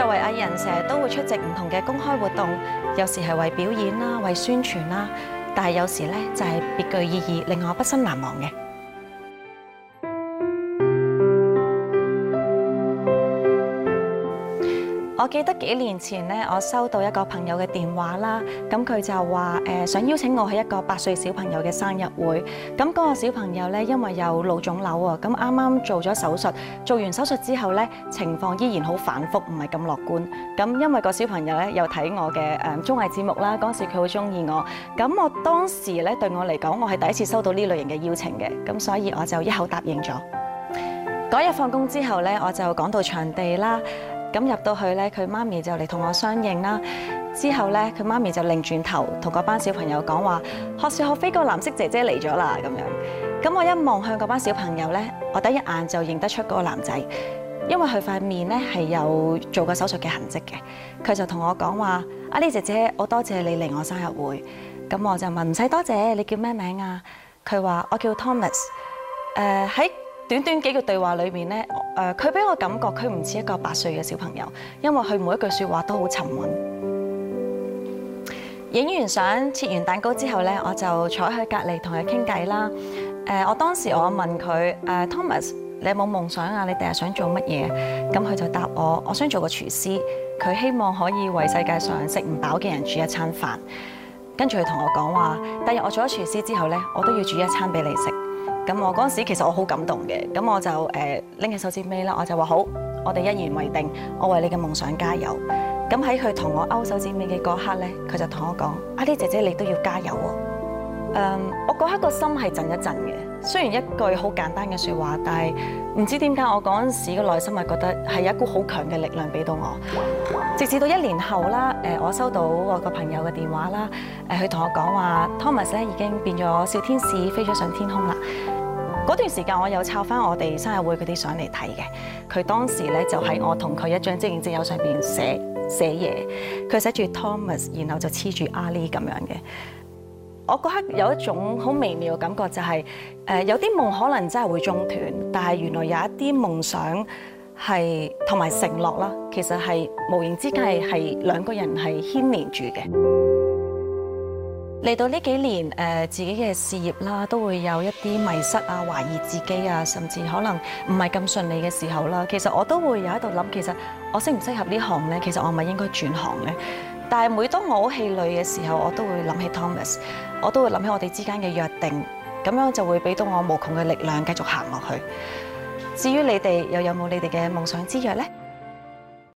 作為藝人，成日都會出席唔同嘅公開活動，有時係為表演啦，為宣傳啦，但係有時呢，就係別具意義，令我畢生難忘嘅。我記得幾年前咧，我收到一個朋友嘅電話啦，咁佢就話誒想邀請我去一個八歲小朋友嘅生日會。咁嗰個小朋友咧，因為有腦腫瘤啊，咁啱啱做咗手術，做完手術之後咧，情況依然好反覆，唔係咁樂觀。咁因為個小朋友咧又睇我嘅誒綜藝節目啦，嗰陣時佢好中意我。咁我當時咧對我嚟講，我係第一次收到呢類型嘅邀請嘅，咁所以我就一口答應咗。嗰日放工之後咧，我就趕到場地啦。咁入到去咧，佢媽咪就嚟同我相認啦。之後咧，佢媽咪就擰轉頭同個班小朋友講話：學是學非、嗰個藍色姐姐嚟咗啦咁樣。咁我一望向嗰班小朋友咧，我第一眼就認得出嗰個男仔，因為佢塊面咧係有做過手術嘅痕跡嘅。佢就同我講話：阿李姐姐，我多謝你嚟我生日會。咁我就問：唔使多謝，你叫咩名啊？佢話：我叫 Thomas、呃。誒喺。短短幾句對話裏面呢，誒，佢俾我感覺佢唔似一個八歲嘅小朋友，因為佢每一句説話都好沉穩。影完相，切完蛋糕之後呢，我就坐喺佢隔離同佢傾偈啦。誒，我當時我問佢，誒，Thomas，你有冇夢想啊？你第日想做乜嘢？咁佢就答我：我想做個廚師。佢希望可以為世界上食唔飽嘅人煮一餐飯。跟住佢同我講話：第日我做咗廚師之後呢，我都要煮一餐俾你食。咁我嗰陣時其實我好感動嘅，咁我就誒拎起手指尾啦，我就話好，我哋一言為定，我為你嘅夢想加油。咁喺佢同我勾手指尾嘅嗰刻咧，佢就同我講：Ali 姐姐你都要加油喎！誒，um, 我嗰刻個心係震一震嘅。雖然一句好簡單嘅説話，但係唔知點解我嗰陣時嘅內心係覺得係有一股好強嘅力量俾到我。直至到一年後啦，誒，我收到我個朋友嘅電話啦，誒，佢同我講話，Thomas 咧已經變咗小天使飛咗上天空啦。嗰段時間我有抄翻我哋生日會嗰啲相嚟睇嘅。佢當時咧就喺我同佢一張即影即有上邊寫寫嘢，佢寫住 Thomas，然後就黐住 Ali 咁樣嘅。我嗰刻有一種好微妙嘅感覺，就係誒有啲夢可能真係會中斷，但係原來有一啲夢想係同埋承諾啦，其實係無形之間係兩個人係牽連住嘅。嚟到呢幾年誒，自己嘅事業啦，都會有一啲迷失啊、懷疑自己啊，甚至可能唔係咁順利嘅時候啦。其實我都會有一度諗，其實我適唔適合呢行呢？其實我係咪應該轉行呢？但係每當我好氣餒嘅時候，我都會諗起 Thomas，我都會諗起我哋之間嘅約定，咁樣就會俾到我無窮嘅力量，繼續行落去。至於你哋又有冇你哋嘅夢想之約呢？